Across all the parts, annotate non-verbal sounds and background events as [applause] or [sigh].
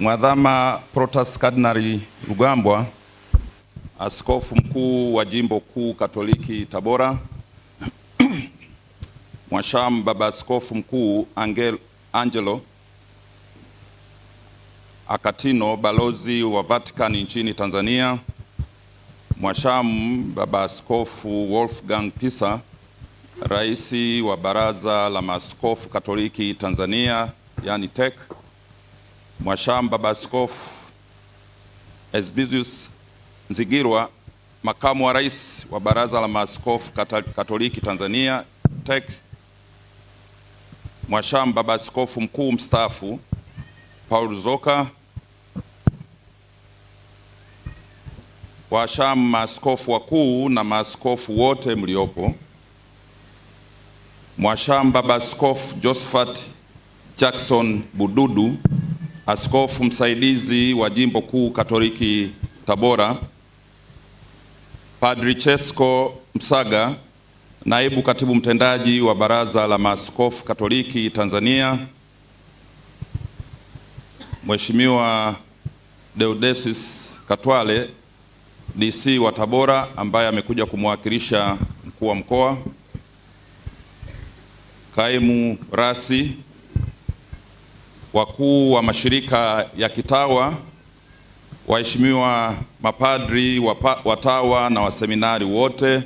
Mwadhama Protas Kardinali Rugambwa, askofu mkuu wa jimbo kuu Katoliki Tabora, [clears throat] Mwashamu Baba Askofu Mkuu Angel, Angelo Akatino, balozi wa Vatican nchini Tanzania, Mwashamu Baba Askofu Wolfgang Pisa, rais wa Baraza la Maaskofu Katoliki Tanzania, yani TEC Mwashamba Baskofu Esbizius Nzigirwa, makamu wa rais wa Baraza la Maaskofu Katoliki Tanzania TEC, Mwashamba Baskofu mkuu mstaafu Paul Zoka, Washamu maaskofu wakuu na maaskofu wote mliopo, Mwashamba Baskofu Josephat Jackson Bududu askofu msaidizi wa jimbo kuu Katoliki Tabora, Padri Chesco Msaga, naibu katibu mtendaji wa Baraza la Maaskofu Katoliki Tanzania, Mheshimiwa Deodesis Katwale DC wa Tabora ambaye amekuja kumwakilisha mkuu wa mkoa, kaimu rasi wakuu wa mashirika ya kitawa, waheshimiwa mapadri, wapa, watawa na waseminari wote,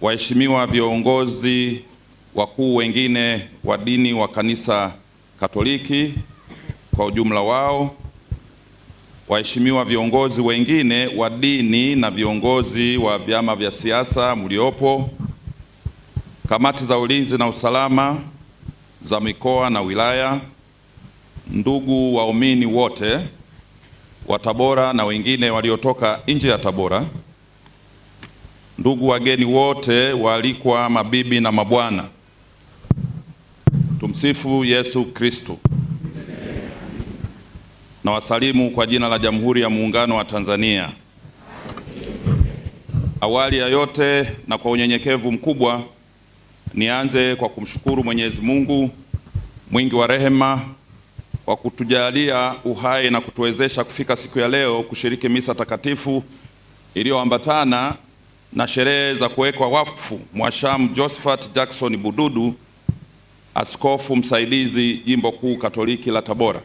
waheshimiwa viongozi wakuu wengine wa dini wa kanisa Katoliki kwa ujumla wao, waheshimiwa viongozi wengine wa dini na viongozi wa vyama vya siasa mliopo, kamati za ulinzi na usalama za mikoa na wilaya, ndugu waumini wote wa Tabora na wengine waliotoka nje ya Tabora, ndugu wageni wote waalikwa, mabibi na mabwana, tumsifu Yesu Kristo. Na wasalimu kwa jina la Jamhuri ya Muungano wa Tanzania. Awali ya yote na kwa unyenyekevu mkubwa Nianze kwa kumshukuru Mwenyezi Mungu mwingi wa rehema kwa kutujalia uhai na kutuwezesha kufika siku ya leo kushiriki misa takatifu iliyoambatana na sherehe za kuwekwa wakfu Mhashamu Josephat Jackson Bududu, askofu msaidizi Jimbo Kuu Katoliki la Tabora.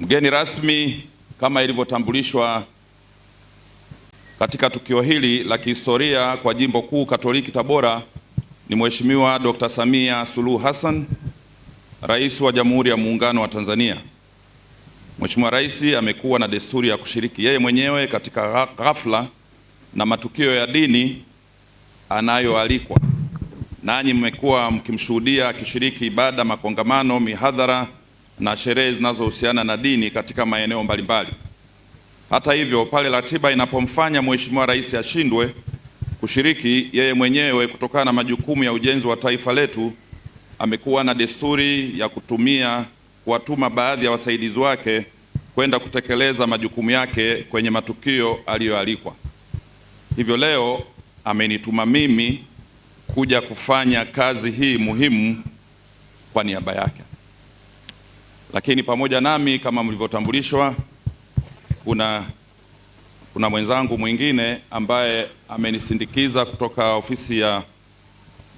Mgeni rasmi kama ilivyotambulishwa katika tukio hili la kihistoria kwa Jimbo Kuu Katoliki Tabora ni Mheshimiwa Dr. Samia Suluhu Hassan, Rais wa Jamhuri ya Muungano wa Tanzania. Mheshimiwa Rais amekuwa na desturi ya kushiriki yeye mwenyewe katika ghafla na matukio ya dini anayoalikwa, nanyi mmekuwa mkimshuhudia akishiriki ibada, makongamano, mihadhara na sherehe zinazohusiana na dini katika maeneo mbalimbali. Hata hivyo, pale ratiba inapomfanya Mheshimiwa Rais ashindwe kushiriki yeye mwenyewe kutokana na majukumu ya ujenzi wa taifa letu, amekuwa na desturi ya kutumia kuwatuma baadhi ya wasaidizi wake kwenda kutekeleza majukumu yake kwenye matukio aliyoalikwa. Hivyo leo amenituma mimi kuja kufanya kazi hii muhimu kwa niaba yake. Lakini pamoja nami, kama mlivyotambulishwa kuna, kuna mwenzangu mwingine ambaye amenisindikiza kutoka ofisi ya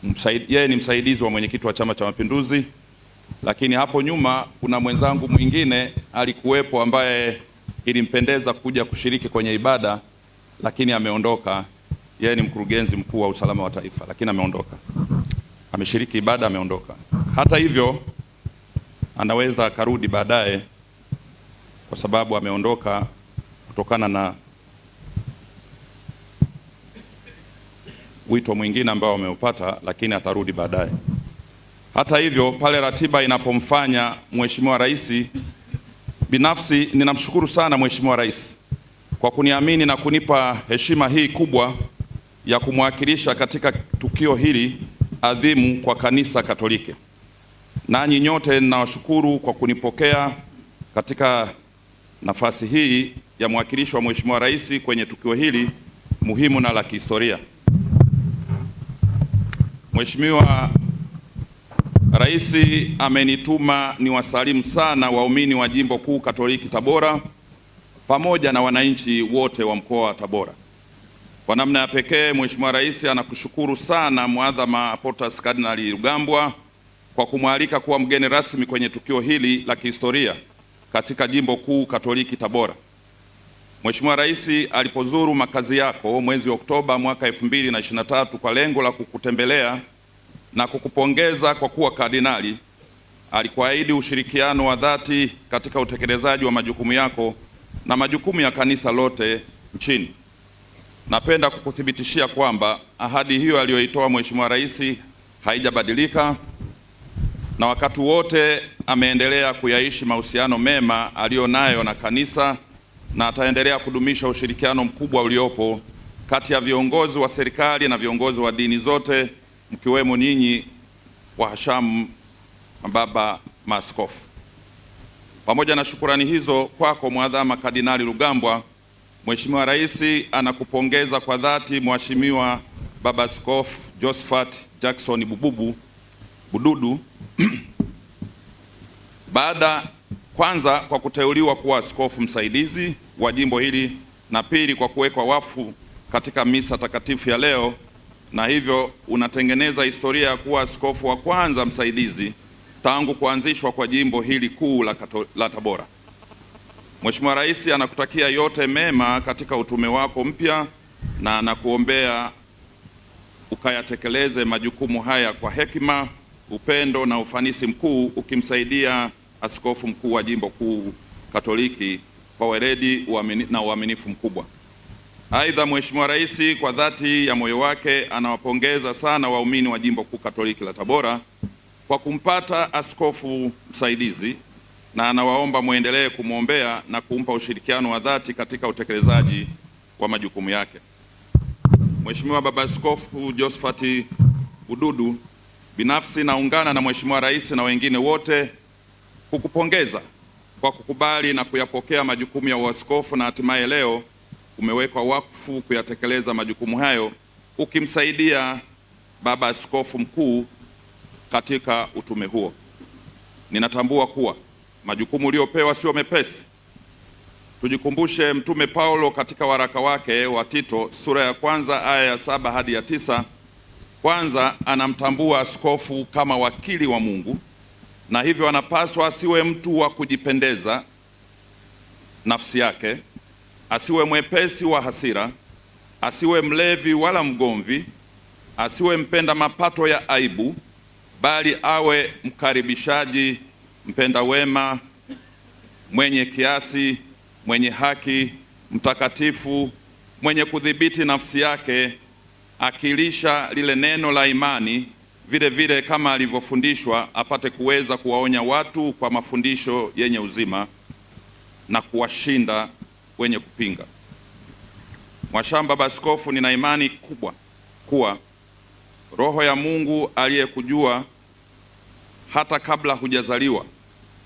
msaid, yeye ni msaidizi wa mwenyekiti wa Chama cha Mapinduzi, lakini hapo nyuma kuna mwenzangu mwingine alikuwepo ambaye ilimpendeza kuja kushiriki kwenye ibada lakini ameondoka. Yeye ni mkurugenzi mkuu wa usalama wa taifa, lakini ameondoka, ameshiriki ibada, ameondoka. Hata hivyo, anaweza akarudi baadaye, kwa sababu ameondoka kutokana na wito mwingine ambao ameupata, lakini atarudi baadaye. Hata hivyo, pale ratiba inapomfanya Mheshimiwa Rais, binafsi ninamshukuru sana Mheshimiwa Rais kwa kuniamini na kunipa heshima hii kubwa ya kumwakilisha katika tukio hili adhimu kwa kanisa Katoliki. Nanyi nyote ninawashukuru kwa kunipokea katika nafasi hii ya mwakilishi wa Mheshimiwa Rais kwenye tukio hili muhimu na la kihistoria. Mheshimiwa Rais amenituma niwasalimu sana waumini wa Jimbo Kuu Katoliki Tabora pamoja na wananchi wote wa mkoa wa Tabora. Kwa namna ya pekee, Mheshimiwa Rais anakushukuru sana Mwadhama Potas Kardinali Rugambwa kwa kumwalika kuwa mgeni rasmi kwenye tukio hili la kihistoria katika Jimbo Kuu Katoliki Tabora. Mheshimiwa Rais alipozuru makazi yako mwezi Oktoba mwaka 2023 kwa lengo la kukutembelea na kukupongeza kwa kuwa kardinali, alikuahidi ushirikiano wa dhati katika utekelezaji wa majukumu yako na majukumu ya kanisa lote nchini. Napenda kukuthibitishia kwamba ahadi hiyo aliyoitoa Mheshimiwa Rais haijabadilika na wakati wote ameendelea kuyaishi mahusiano mema aliyonayo na kanisa na ataendelea kudumisha ushirikiano mkubwa uliopo kati ya viongozi wa serikali na viongozi wa dini zote mkiwemo nyinyi wahashamu mababa maaskofu. Pamoja na shukurani hizo kwako Mwadhama Kardinali Rugambwa, Mheshimiwa Rais anakupongeza kwa dhati Mheshimiwa Baba Askofu Josephat Jackson Bububu Bududu [clears throat] baada kwanza kwa kuteuliwa kuwa askofu msaidizi wa jimbo hili na pili kwa kuwekwa wafu katika misa takatifu ya leo, na hivyo unatengeneza historia ya kuwa askofu wa kwanza msaidizi tangu kuanzishwa kwa jimbo hili kuu la, la Tabora. Mheshimiwa Rais anakutakia yote mema katika utume wako mpya na anakuombea ukayatekeleze majukumu haya kwa hekima upendo na ufanisi mkuu ukimsaidia askofu mkuu wa jimbo kuu Katoliki kwa weledi na uaminifu mkubwa. Aidha, Mheshimiwa Rais kwa dhati ya moyo wake anawapongeza sana waumini wa jimbo kuu Katoliki la Tabora kwa kumpata askofu msaidizi na anawaomba mwendelee kumwombea na kumpa ushirikiano wa dhati katika utekelezaji wa majukumu yake. Mheshimiwa Baba Askofu Josephat Bududu Binafsi naungana na Mheshimiwa Rais na wengine wote kukupongeza kwa kukubali na kuyapokea majukumu ya uaskofu na hatimaye leo umewekwa wakfu kuyatekeleza majukumu hayo ukimsaidia Baba Askofu Mkuu katika utume huo. Ninatambua kuwa majukumu uliopewa sio mepesi. Tujikumbushe Mtume Paulo katika waraka wake wa Tito sura ya kwanza aya ya saba hadi ya tisa kwanza anamtambua askofu kama wakili wa Mungu na hivyo anapaswa asiwe mtu wa kujipendeza nafsi yake, asiwe mwepesi wa hasira, asiwe mlevi wala mgomvi, asiwe mpenda mapato ya aibu, bali awe mkaribishaji, mpenda wema, mwenye kiasi, mwenye haki, mtakatifu, mwenye kudhibiti nafsi yake akilisha lile neno la imani vile vile kama alivyofundishwa, apate kuweza kuwaonya watu kwa mafundisho yenye uzima na kuwashinda wenye kupinga. Mwashamba, Baba Askofu, nina imani kubwa kuwa Roho ya Mungu aliyekujua hata kabla hujazaliwa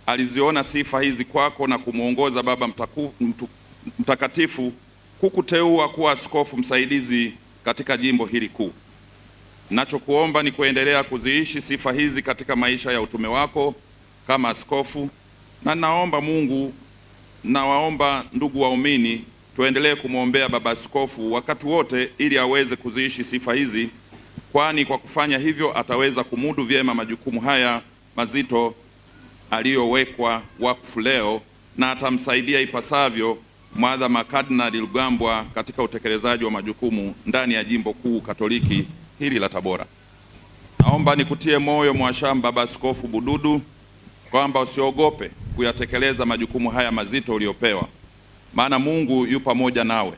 aliziona sifa hizi kwako na kumwongoza Baba mtaku, mtu, Mtakatifu kukuteua kuwa askofu msaidizi katika jimbo hili kuu. Nachokuomba ni kuendelea kuziishi sifa hizi katika maisha ya utume wako kama askofu, na naomba Mungu, nawaomba ndugu waumini, tuendelee kumwombea baba askofu wakati wote, ili aweze kuziishi sifa hizi, kwani kwa kufanya hivyo ataweza kumudu vyema majukumu haya mazito aliyowekwa wakfu leo na atamsaidia ipasavyo Mwadhama Kardinali Rugambwa katika utekelezaji wa majukumu ndani ya Jimbo Kuu Katoliki hili la Tabora. Naomba nikutie moyo Mwashamba Baba Askofu Bududu kwamba usiogope kuyatekeleza majukumu haya mazito uliyopewa, maana Mungu yu pamoja nawe.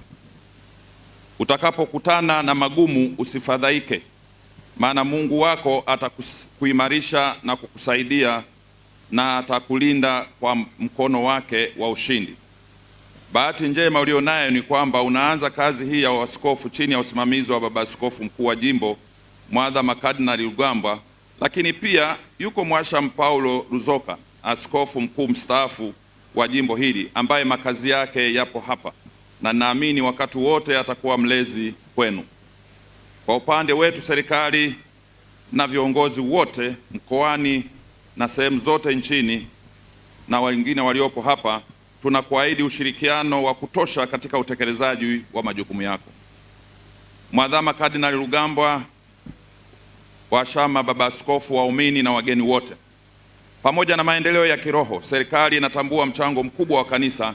Utakapokutana na magumu usifadhaike, maana Mungu wako atakuimarisha na kukusaidia na atakulinda kwa mkono wake wa ushindi. Bahati njema ulio nayo ni kwamba unaanza kazi hii ya uaskofu chini ya usimamizi wa baba askofu mkuu wa jimbo Mwadha Kardinali Rugambwa, lakini pia yuko Mwasham Paulo Ruzoka, askofu mkuu mstaafu wa jimbo hili ambaye makazi yake yapo hapa, na naamini wakati wote atakuwa mlezi kwenu. Kwa upande wetu serikali na viongozi wote mkoani na sehemu zote nchini na wengine waliopo hapa tunakuahidi ushirikiano wa kutosha katika utekelezaji wa majukumu yako. Mwadhama Kardinali Rugambwa wa baba askofu, waumini na wageni wote, pamoja na maendeleo ya kiroho, serikali inatambua mchango mkubwa wa kanisa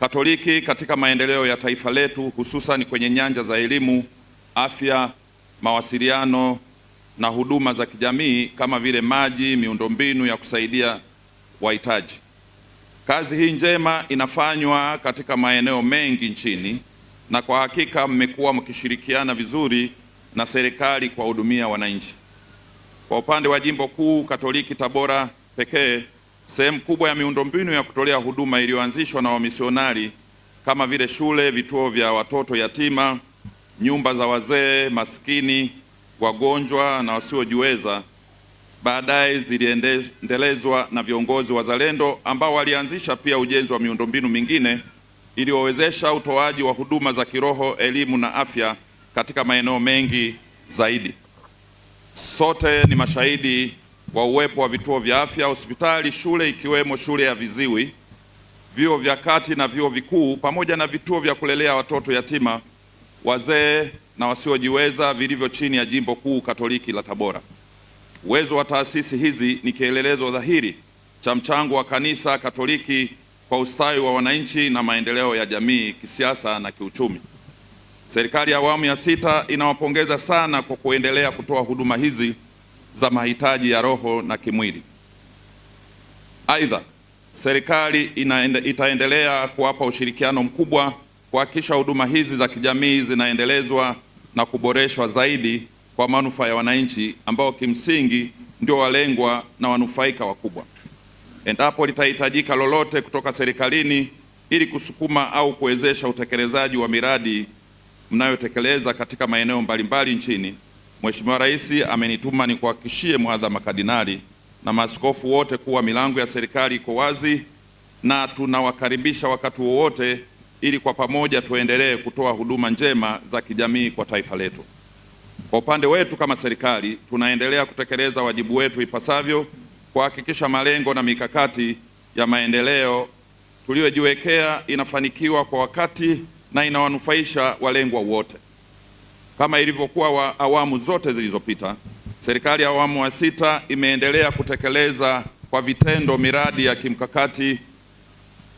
Katoliki katika maendeleo ya taifa letu, hususan kwenye nyanja za elimu, afya, mawasiliano na huduma za kijamii kama vile maji, miundombinu ya kusaidia wahitaji. Kazi hii njema inafanywa katika maeneo mengi nchini na kwa hakika mmekuwa mkishirikiana vizuri na serikali kuwahudumia wananchi. Kwa upande wa Jimbo Kuu Katoliki Tabora pekee, sehemu kubwa ya miundombinu ya kutolea huduma iliyoanzishwa na wamisionari kama vile shule, vituo vya watoto yatima, nyumba za wazee maskini, wagonjwa na wasiojiweza baadaye ziliendelezwa na viongozi wazalendo ambao walianzisha pia ujenzi wa miundombinu mingine iliyowezesha utoaji wa huduma za kiroho, elimu na afya katika maeneo mengi zaidi. Sote ni mashahidi wa uwepo wa vituo vya afya, hospitali, shule ikiwemo shule ya viziwi, vyuo vya kati na vyuo vikuu, pamoja na vituo vya kulelea watoto yatima, wazee na wasiojiweza vilivyo chini ya Jimbo Kuu Katoliki la Tabora. Uwezo wa taasisi hizi ni kielelezo dhahiri cha mchango wa Kanisa Katoliki kwa ustawi wa wananchi na maendeleo ya jamii kisiasa na kiuchumi. Serikali ya awamu ya sita inawapongeza sana kwa kuendelea kutoa huduma hizi za mahitaji ya roho na kimwili. Aidha, serikali inaende, itaendelea kuwapa ushirikiano mkubwa kuhakikisha huduma hizi za kijamii zinaendelezwa na kuboreshwa zaidi kwa manufaa ya wananchi ambao kimsingi ndio walengwa na wanufaika wakubwa. Endapo litahitajika lolote kutoka serikalini ili kusukuma au kuwezesha utekelezaji wa miradi mnayotekeleza katika maeneo mbalimbali nchini, Mheshimiwa Rais amenituma nikuhakikishie Mwadha Makadinali na maaskofu wote kuwa milango ya serikali iko wazi na tunawakaribisha wakati wowote, ili kwa pamoja tuendelee kutoa huduma njema za kijamii kwa taifa letu. Kwa upande wetu kama serikali, tunaendelea kutekeleza wajibu wetu ipasavyo kuhakikisha malengo na mikakati ya maendeleo tuliyojiwekea inafanikiwa kwa wakati na inawanufaisha walengwa wote. Kama ilivyokuwa wa awamu zote zilizopita, serikali ya awamu ya sita imeendelea kutekeleza kwa vitendo miradi ya kimkakati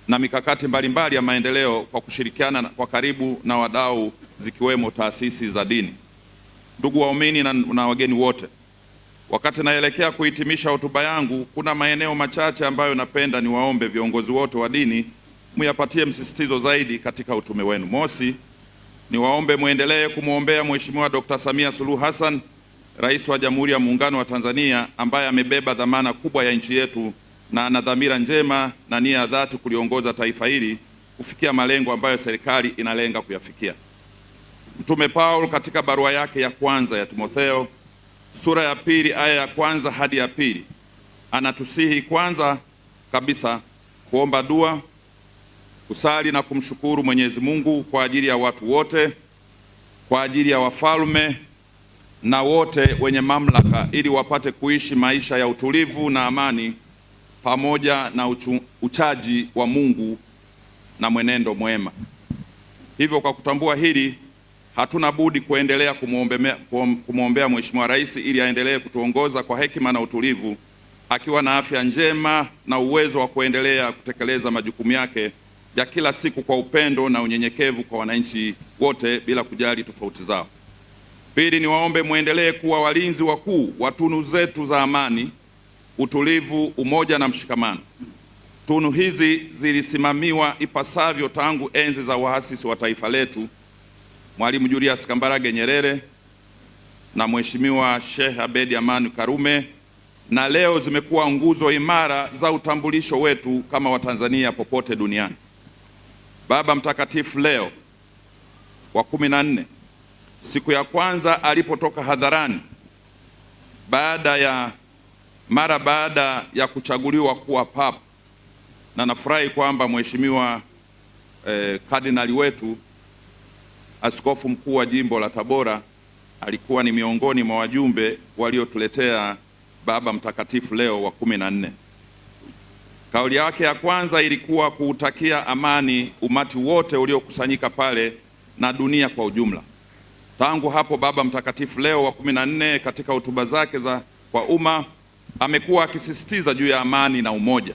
na mikakati mbalimbali ya maendeleo kwa kushirikiana kwa karibu na wadau zikiwemo taasisi za dini. Ndugu waumini na, na wageni wote, wakati naelekea kuhitimisha hotuba yangu, kuna maeneo machache ambayo napenda niwaombe viongozi wote wa dini muyapatie msisitizo zaidi katika utume wenu. Mosi, niwaombe muendelee kumwombea Mheshimiwa Dr. Samia Suluhu Hassan, Rais wa Jamhuri ya Muungano wa Tanzania, ambaye amebeba dhamana kubwa ya nchi yetu na ana dhamira njema na nia ya dhati kuliongoza taifa hili kufikia malengo ambayo serikali inalenga kuyafikia. Mtume Paulo katika barua yake ya kwanza ya Timotheo sura ya pili aya ya kwanza hadi ya pili anatusihi kwanza kabisa kuomba dua, kusali na kumshukuru Mwenyezi Mungu kwa ajili ya watu wote, kwa ajili ya wafalme na wote wenye mamlaka, ili wapate kuishi maisha ya utulivu na amani pamoja na uchu, uchaji wa Mungu na mwenendo mwema. Hivyo kwa kutambua hili hatuna budi kuendelea kumwombea Mheshimiwa Rais ili aendelee kutuongoza kwa hekima na utulivu, akiwa na afya njema na uwezo wa kuendelea kutekeleza majukumu yake ya kila siku kwa upendo na unyenyekevu kwa wananchi wote bila kujali tofauti zao. Pili, niwaombe mwendelee kuwa walinzi wakuu wa tunu zetu za amani, utulivu, umoja na mshikamano. Tunu hizi zilisimamiwa ipasavyo tangu enzi za waasisi wa taifa letu Mwalimu Julius Kambarage Nyerere na Mheshimiwa Sheikh Abedi Amani Karume, na leo zimekuwa nguzo imara za utambulisho wetu kama Watanzania popote duniani. Baba Mtakatifu Leo wa kumi na nne, siku ya kwanza alipotoka hadharani baada ya mara baada ya kuchaguliwa kuwa papa, na nafurahi kwamba mheshimiwa eh, kardinali wetu Askofu mkuu wa jimbo la Tabora alikuwa ni miongoni mwa wajumbe waliotuletea Baba Mtakatifu Leo wa kumi na nne. Kauli yake ya kwanza ilikuwa kuutakia amani umati wote uliokusanyika pale na dunia kwa ujumla. Tangu hapo Baba Mtakatifu Leo wa kumi na nne katika hotuba zake za kwa umma amekuwa akisisitiza juu ya amani na umoja.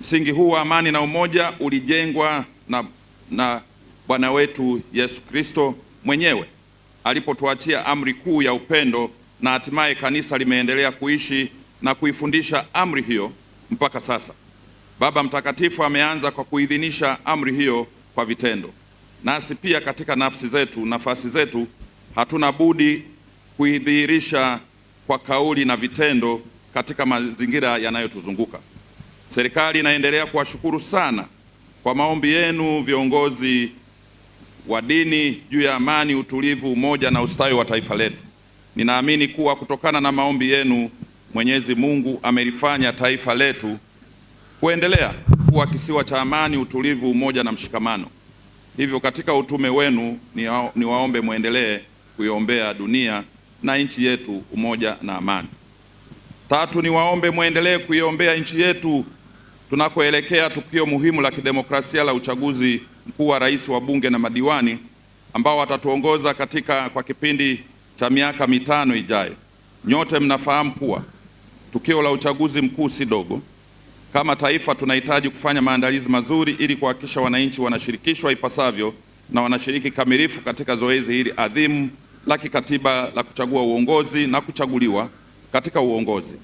Msingi huu wa amani na umoja ulijengwa na, na Bwana wetu Yesu Kristo mwenyewe alipotuachia amri kuu ya upendo, na hatimaye kanisa limeendelea kuishi na kuifundisha amri hiyo mpaka sasa. Baba Mtakatifu ameanza kwa kuidhinisha amri hiyo kwa vitendo, nasi pia katika nafsi zetu, nafasi zetu, hatuna budi kuidhihirisha kwa kauli na vitendo katika mazingira yanayotuzunguka. Serikali inaendelea kuwashukuru sana kwa maombi yenu viongozi wa dini juu ya amani, utulivu, umoja na ustawi wa taifa letu. Ninaamini kuwa kutokana na maombi yenu Mwenyezi Mungu amelifanya taifa letu kuendelea kuwa kisiwa cha amani, utulivu, umoja na mshikamano. Hivyo katika utume wenu niwaombe mwendelee kuiombea dunia na nchi yetu umoja na amani. Tatu, niwaombe mwendelee kuiombea nchi yetu tunakoelekea tukio muhimu la kidemokrasia la uchaguzi mkuu, wa rais wa bunge na madiwani ambao watatuongoza katika kwa kipindi cha miaka mitano ijayo. Nyote mnafahamu kuwa tukio la uchaguzi mkuu si dogo. Kama taifa, tunahitaji kufanya maandalizi mazuri ili kuhakikisha wananchi wanashirikishwa ipasavyo na wanashiriki kamilifu katika zoezi hili adhimu la kikatiba la kuchagua uongozi na kuchaguliwa katika uongozi.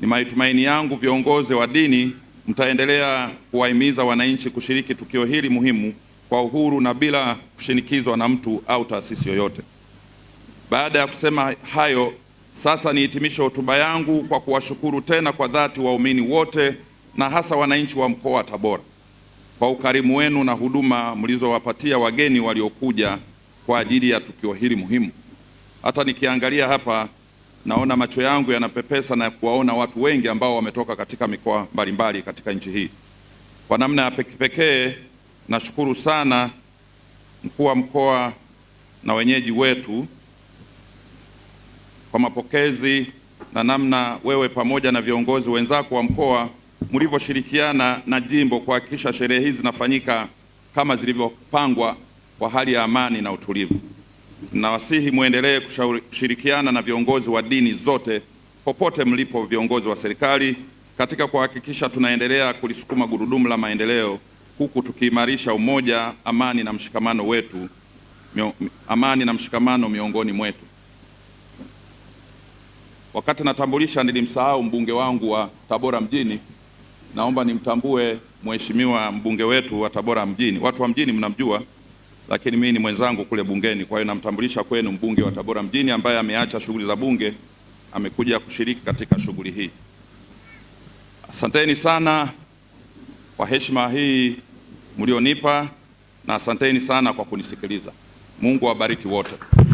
Ni matumaini yangu viongozi wa dini mtaendelea kuwahimiza wananchi kushiriki tukio hili muhimu kwa uhuru na bila kushinikizwa na mtu au taasisi yoyote. Baada ya kusema hayo, sasa nihitimishe hotuba yangu kwa kuwashukuru tena kwa dhati waumini wote na hasa wananchi wa mkoa wa Tabora kwa ukarimu wenu na huduma mlizowapatia wageni waliokuja kwa ajili ya tukio hili muhimu. Hata nikiangalia hapa naona macho yangu yanapepesa na kuwaona watu wengi ambao wametoka katika mikoa mbalimbali katika nchi hii. Kwa namna ya pekipekee Nashukuru sana mkuu wa mkoa na wenyeji wetu kwa mapokezi na namna wewe pamoja na viongozi wenzako wa mkoa mlivyoshirikiana na jimbo kuhakikisha sherehe hizi zinafanyika kama zilivyopangwa kwa hali ya amani na utulivu. Nawasihi muendelee kushirikiana na viongozi wa dini zote popote mlipo, viongozi wa serikali, katika kuhakikisha tunaendelea kulisukuma gurudumu la maendeleo huku tukiimarisha umoja, amani na mshikamano wetu, amani na mshikamano miongoni mwetu. Wakati natambulisha nilimsahau mbunge wangu wa Tabora mjini, naomba nimtambue mheshimiwa mbunge wetu wa Tabora mjini. Watu wa mjini mnamjua, lakini mimi ni mwenzangu kule bungeni, kwa hiyo namtambulisha kwenu mbunge wa Tabora mjini ambaye ameacha shughuli za bunge, amekuja kushiriki katika shughuli hii. Asanteni sana kwa heshima hii mlionipa na asanteni sana kwa kunisikiliza. Mungu awabariki wote.